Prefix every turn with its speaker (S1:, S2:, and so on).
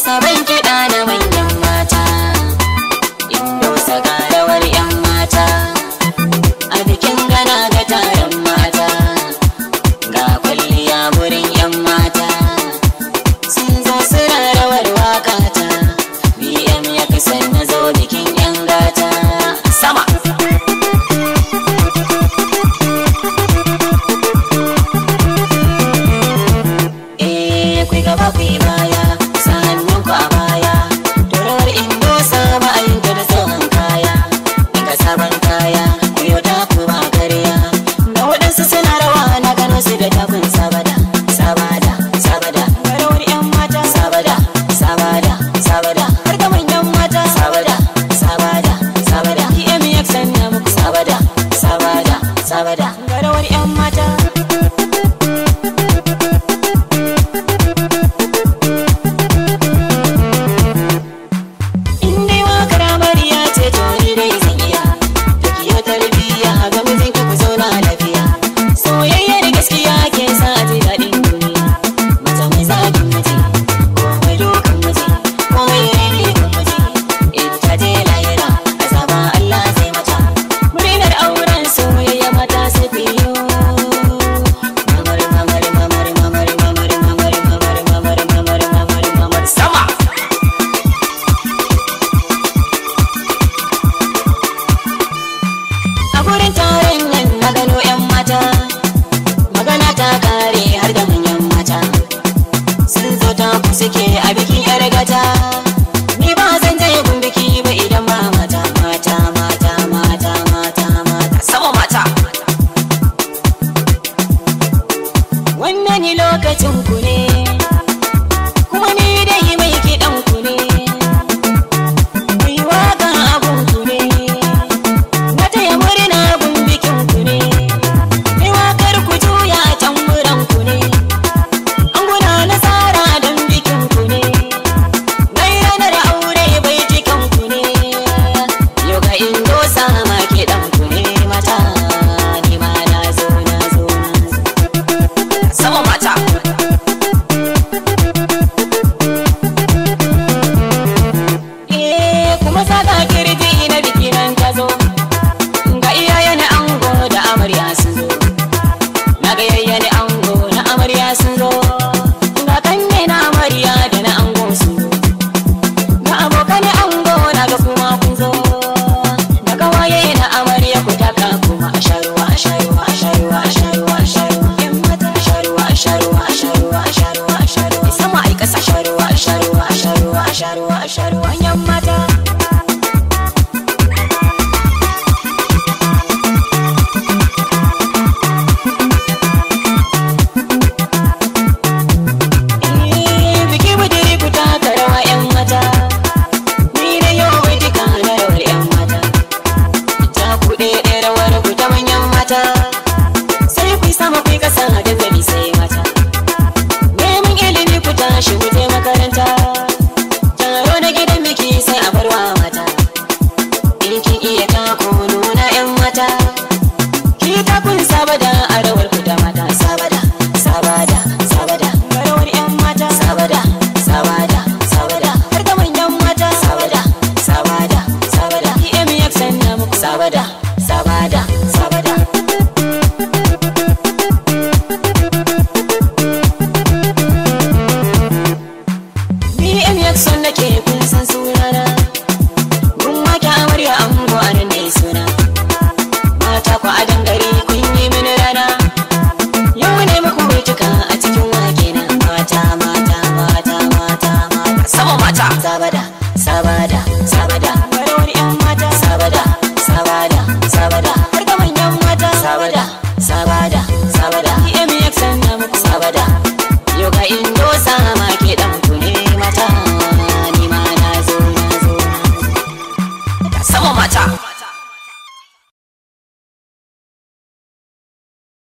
S1: sabon que gana mañana. ¡Gracias! Somos kuɗe ɗaya rawar ku ta manyan mata sai ku sama kai kasan da dandali sai mata neman ilimi ku tashi ku je makaranta taro na gidan miki sai a barwa mata in ki iya taku nuna yan mata ki ta kun saba da arawa